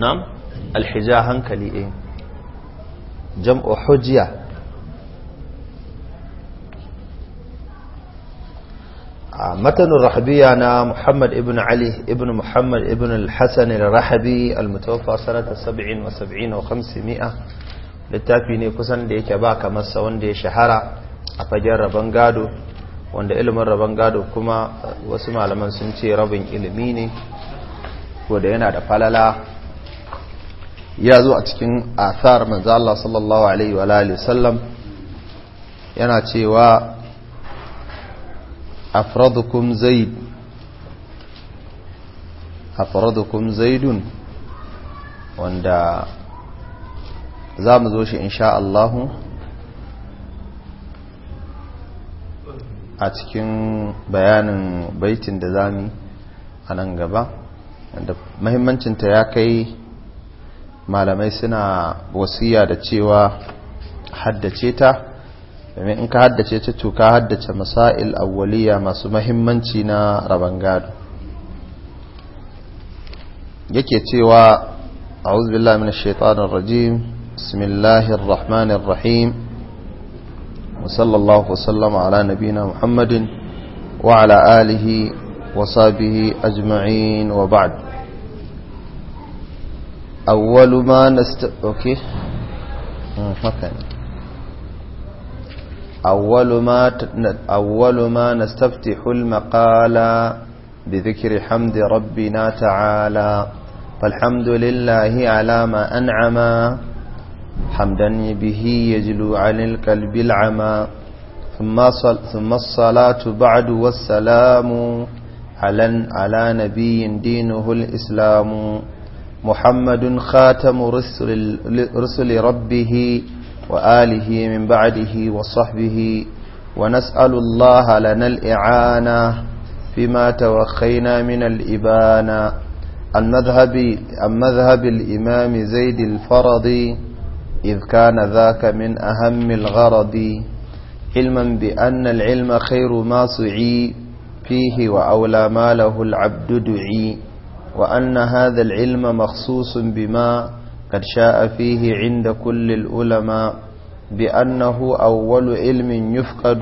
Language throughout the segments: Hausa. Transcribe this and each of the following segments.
na'am alhija hankali eh jam'u hujja متن الرحبية أنا محمد ابن علي ابن محمد ابن الحسن الرحبي المتوفى سنة سبعين وسبعين وخمسمائة littafi ne kusan da yake ba kamar sa wanda ya shahara a fagen rabon gado wanda ilimin rabon gado kuma wasu malaman sun ce rabin ilimi ne ko da yana da falala ya zo a cikin athar manzo Allah sallallahu alaihi wa alihi sallam yana cewa afradukum zaid afradukum zaidun wanda za mu zo shi insha Allahu a cikin bayanin baitin da zamu a nan gaba da mahimmancinta ya kai malamai suna wasiya da cewa haddace ta domin in ka haddace ta to ka haddace masail awwaliya masu mahimmanci na raban gado yake cewa a'udhu billahi minash shaitanir rajim bismillahir rahmanir rahim wa sallallahu wa sallama ala nabiyyina muhammadin wa ala alihi وصحبه أجمعين وبعد أول ما نست أوكي آه، مكان أول ما أول ما نستفتح المقالة بذكر حمد ربنا تعالى فالحمد لله على ما أنعم حمدا به يجلو عن الكلب العمى ثم, ثم الصلاة بعد والسلام على على نبي دينه الإسلام محمد خاتم رسل, رسل ربه وآله من بعده وصحبه ونسأل الله لنا الإعانة فيما توخينا من الإبانة عن مذهب, عن مذهب الإمام زيد الفرض إذ كان ذاك من أهم الغرض علما بأن العلم خير ما سعي فيه وأولى ما له العبد دعي وأن هذا العلم مخصوص بما قد شاء فيه عند كل العلماء بأنه أول علم يفقد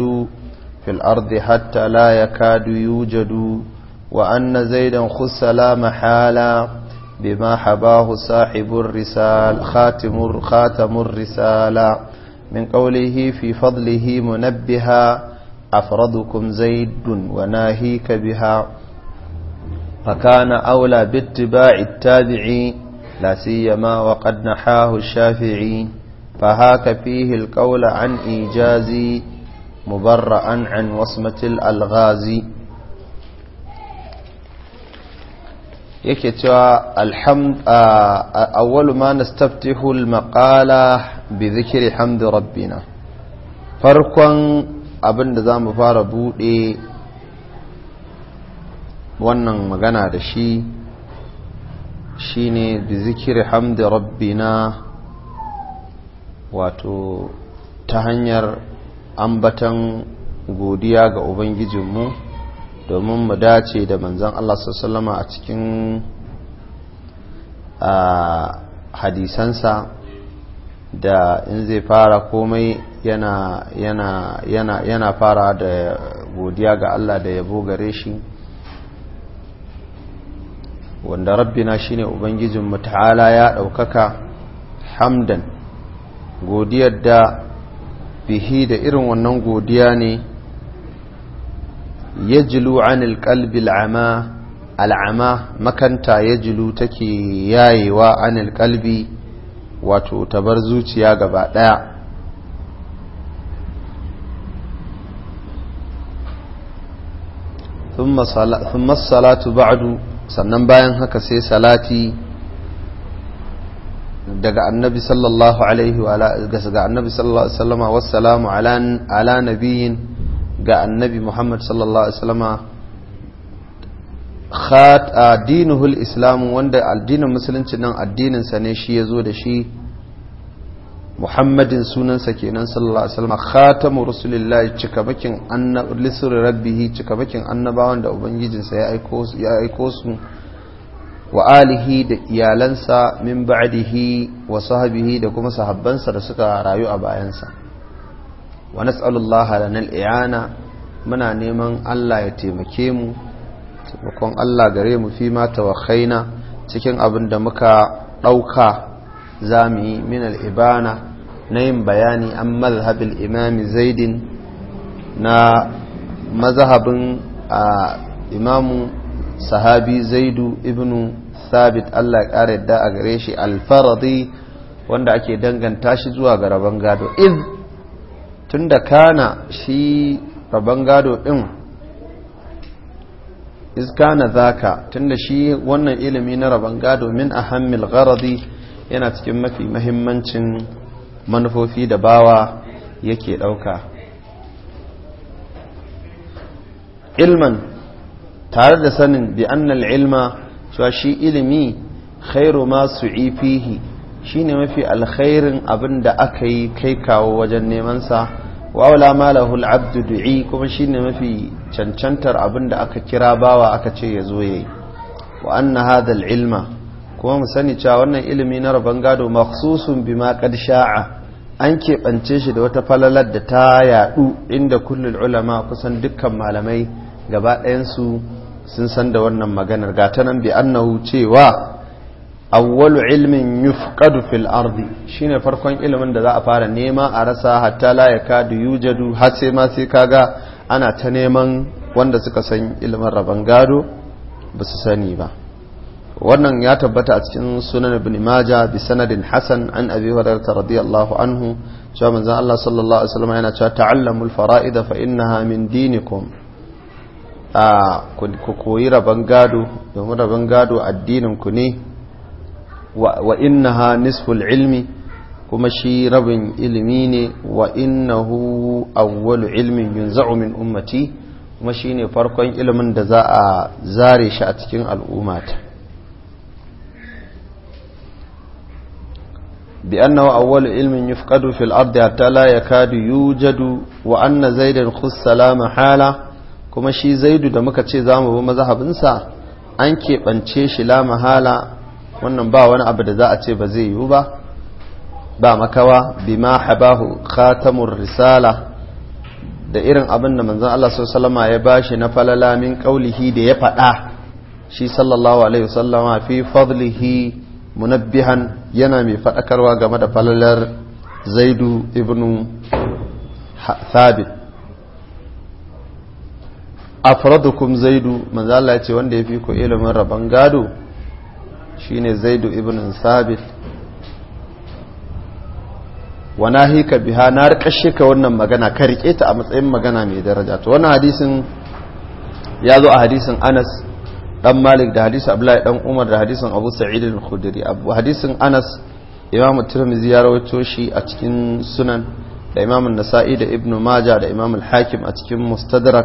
في الأرض حتى لا يكاد يوجد وأن زيدا خص لا محالا بما حباه صاحب الرسال خاتم, خاتم الرسالة من قوله في فضله منبها أفرضكم زيد وناهيك بها فكان أولى باتباع التابعي لا سيما وقد نحاه الشافعي فهاك فيه القول عن إيجازي مبرأ عن وصمة الألغاز يكتوى الحمد آه، أول ما نستفتح المقالة بذكر حمد ربنا فرقا abin da za mu fara buɗe wannan magana da shi shi ne bi zikiri hamdi rabbina wato ta hanyar ambatan godiya ga ubangijinmu domin mu dace da manzan Allah sallama a cikin hadisansa da in zai fara komai yana yana yana yana fara da godiya ga Allah da yabo gare shi wanda rabbina shine ubangijin ta'ala ya ɗaukaka hamdan godiyar da bihi da irin wannan godiya ne yajlu anil qalbi al'ama al'ama makanta yajlu take yayewa anil qalbi wato tabar zuciya gaba daya thumma salatu ba'du sannan bayan haka sai salati daga annabi sallallahu alaihi wa ga annabi sallallahu alaihi wasallama wassalamu ala ala nabiyin ga annabi muhammad sallallahu alaihi wasallama khat dinuhul islam wanda addinin musulunci nan addinin sa ne shi yazo da shi muhammadin sunansa kenan sallallahu alaihi wasallam khatamu rasulillahi cikamakin annab lisr rabbih cikamakin annabawan da ubangijinsa ya aiko ya aiko su wa alihi da iyalansa min ba'dihi wa sahbihi da kuma sahabbansa da suka rayu a bayansa wa nas'alullaha lana al-i'ana muna neman Allah ya taimake mu taimakon Allah gare mu fi ma tawakhaina cikin abin da muka dauka za mu yi min al'ibana na yin bayani an mazhabin imami zaidin na mazhabin a imamu sahabi zaidu ibnu sabit allah ƙara yadda a gare shi alfaradi wanda ake danganta shi zuwa ga rabon gado iz tun da kana shi rabon gado ɗin iz zaka tun da shi wannan ilimi na rabon gado min ahammil gharadi yana cikin mafi mahimmancin manufofi da bawa yake ɗauka ilman tare da sanin bi annal ilma cewa shi ilimi khairu ma su'ifihi shine mafi alkhairin abin da aka yi kai kawo wajen nemansa wawala malahul abdu du'i kuma shine mafi cancantar abin da aka kira bawa aka ce ya zo yayi wa anna hadha ilma kuma mu sani cewa wannan ilimi na rabon gado makhsusun bima kad sha'a an keɓance shi da wata falalar da ta yaɗu inda kullul ulama kusan dukkan malamai gaba ɗayansu sun san da wannan maganar gata nan bi annahu cewa awwalu ilmin yufqadu fil ardi shine farkon ilimin da za a fara nema a rasa hatta la yakadu yujadu har sai ma sai kaga ana ta neman wanda suka san ilimin rabon gado ba su sani ba wannan ya tabbata a cikin sunan ibn majah bi sanadin hasan an abi hurairah radiyallahu anhu cewa manzon Allah sallallahu alaihi wasallam yana cewa ta'allamul fara'ida fa innaha min dinikum a ku koyi rabon gado domin gado addinin ku ne wa innaha nisful ilmi kuma shi rabin ilimi ne wa innahu awwalu ilmin yunza'u min ummati kuma shine farkon ilimin da za a zare shi a cikin al'ummata بأنه أول علم يفقد في الأرض حتى لا يكاد يوجد وأن زيد خص سلام محالة كما شي زيد دمك muka ce انسا bi بانتشيش لا keɓance shi la عبد wannan ba wani با مكوا بما حباه خاتم الرسالة da irin abin da manzon Allah sallallahu alaihi wasallam ya bashi na falala min qaulihi da ya fada shi sallallahu alaihi wasallama fi fadlihi munabbihan yana mai faɗakarwa game da falalar zaidu ibn thabit faradukun zaidu manzala ce wanda ya fi ku ilimin rabon gado shine zaidu ibnu thabit Wana hika biha na rikashe ka wannan magana ka rike ta a matsayin magana mai daraja to wannan hadisin ya zo a hadisin Anas dan malik da hadisi abdullahi dan umar da hadisin abu sa'id al-khudri abu hadisin anas imamu tirmidhi ya rawaito shi a cikin sunan da imamu nasa'i da ibnu maja da imamu al-hakim a cikin mustadrak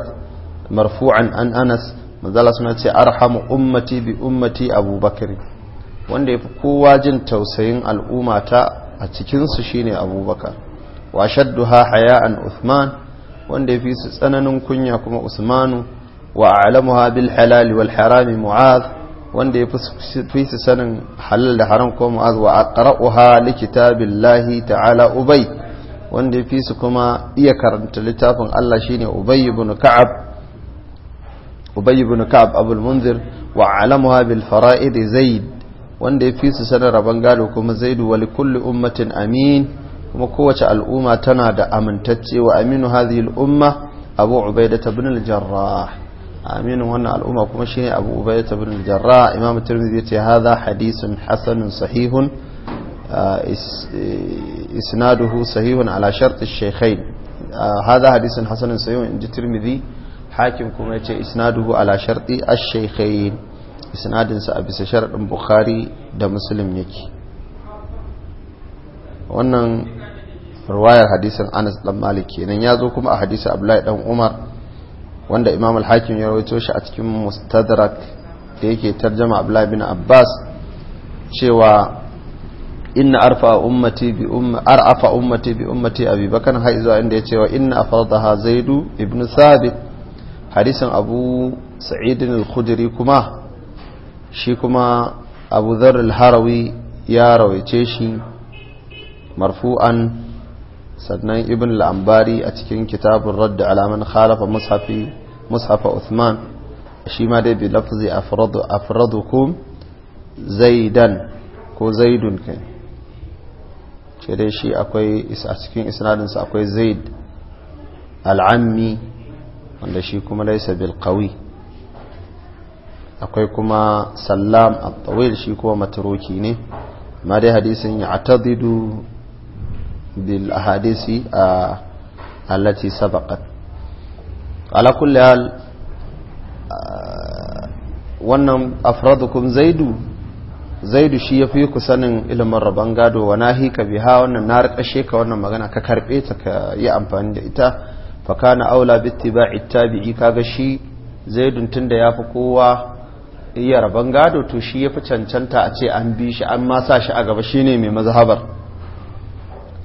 marfu'an an anas manzala suna ce arhamu ummati bi ummati abubakar wanda yafi kowa jin tausayin al'umma ta a cikin su shine abubakar wa shadduha haya'an usman wanda yafi su tsananin kunya kuma usmanu wa a'lamuha bil halal wal haram mu'az wanda ya fi su sanin halal da haram ko mu'az wa aqra'uha li kitabillahi ta'ala ubay wanda ya fi su kuma iya karanta littafin Allah shine ubay ibn ka'ab ubay ibn ka'ab abul munzir wa a'lamuha bil fara'id zaid wanda ya fi su sanin rabon gado kuma zaidu wa li kulli ummatin amin kuma kowace al'umma tana da amintacce wa aminu hadhihi al umma abu ubaidah ibn al jarrah aminin wannan al'umma kuma shine abu ubayda bin jarra imam tirmidhi yace haza hadithun hasanun sahihun uh, uh, isnaduhu sahihun ala sharti ash-shaykhayn uh, hadha hadithun hasanun sahihun inji tirmidhi hakim kuma yace isnaduhu ala sharti ash-shaykhayn isnadin sa a bisa sharadin bukhari da muslim yake wannan ruwayar hadisin Anas dan Malik kenan yazo kuma a hadisi Abdullahi dan Umar wanda imam al-hakim ya rawaito shi a cikin mustadrak da yake tarjama abdullahi bin abbas cewa inna arfa ummati bi umma arfa ummati bi ummati abi har zuwa inda ya cewa inna afadaha zaidu ibnu sabit hadisin abu sa'id al-khudri kuma shi kuma abu dharr al-harawi ya rawaice shi marfu'an sannan ibn al-ambari a cikin kitabun radda alaman khalafa mushafi mushafa Uthman shi ma dai bi lafzi afradukum zaidan ko zaidun kai ce dai shi akwai a cikin isnadinsa akwai zaid al'ammi wanda shi kuma laisa bil qawi akwai kuma sallam al-tawil shi kuma matroki ne ma dai hadisin ya atadidu bil ahadisi a allati sabaqat ala kulli hal ah, wannan afradukum zaidu zaidu shi ya fi ku sanin ilimin rabon gado wa nahi ka biha wannan na rikashe ka wannan magana ka karbe ta ka yi amfani da ita faka na aula bittiba'i tabi'i kaga shi zaidun tunda fi kowa iya rabon gado to shi ya fi cancanta a ce an bi shi an ma sa shi a gaba shine mai mazhabar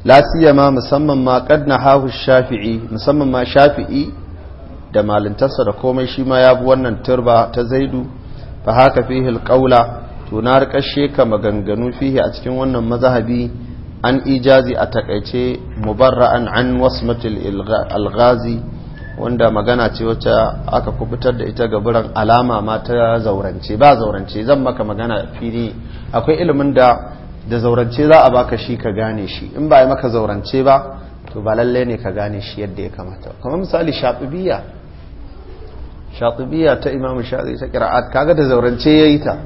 la siyama musamman ma qad hahu shafi'i musamman ma shafi'i da malintarsa da komai shi ma ya bi wannan turba ta zaidu fa haka fihi alqaula to na rika sheka maganganu fihi a cikin wannan mazhabi an ijazi a takaice mubarra'an an wasmatil alghazi wanda magana ce wacce aka kubutar da ita ga buran alama ma ta zaurance ba zaurance zan maka magana fili akwai ilimin da da zaurance za a baka shi ka gane shi in ba yi maka zaurance ba to ba lalle ne ka gane shi yadda ya kamata kamar misali shafibiya shatubiya ta imamu shafi ta kira'at kaga da zaurance ya yi ta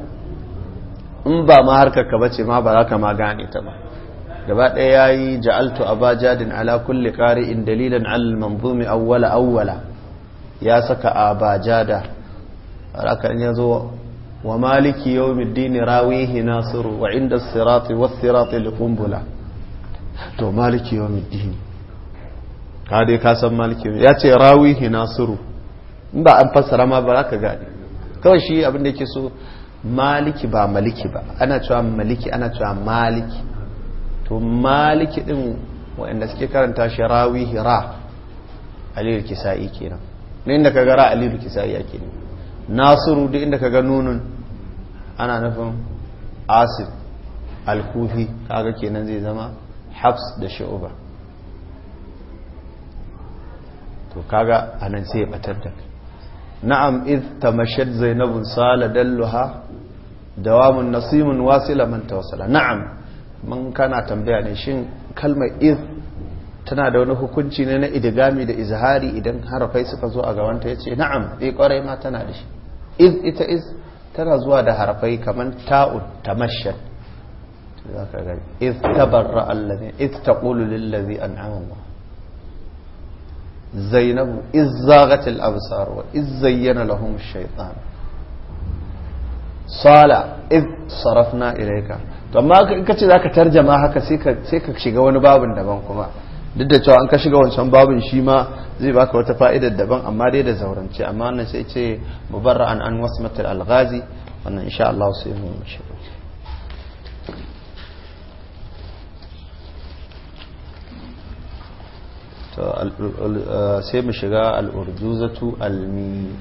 in ba ma harkar ka bace ma ba za ka ma gane ta ba gaba ɗaya ya yi ja'altu a bajadin ala kulle kulli in dalilan al-manzumi awwala awwala ya saka a bajada rakan ya zo wa maliki yau middini rawihi nasiru wa inda sirati wasu sirati likumbula to maliki yau middini ka dai kasan maliki ya ce rawihi nasiru in ba an fassara ma ba za ka gane kawai shi abin da ke so maliki ba maliki ba ana cewa maliki ana cewa maliki to maliki din waɗanda suke karanta shi rawi hira aliyul kisa'i kenan na inda ka gara aliyul kisa'i ake ne nasiru da inda ka ga nunun ana nufin asif alkufi kaga kenan zai zama hafs da sha'uba to kaga anan sai ya batar da kai na'am iz tamashat zainabun sala dalluha dawamun nasimun wasila man tawassala na'am mun kana tambaya ne shin kalma iz tana da wani hukunci ne na idigami da izhari idan harafai suka zo a ya yace na'am e kwarai ma tana da shi iz ita iz tana zuwa da harafai kaman ta'u tamashat zaka ga iz tabarra allazi iz taqulu lillazi an zainabu izzagatil absar wa izzayyana lahum ilaika to in ka ce zaka tarjama haka sai ka shiga wani daban kuma duk da cewa an ka shiga wancan babin shi ma zai baka wata fa'idar daban amma dai da zaurance amma sai ce mubarra'an an wasmatul alghazi wannan insha Allah sai mu shi Uh, sai mu shiga al'urjuzatu almi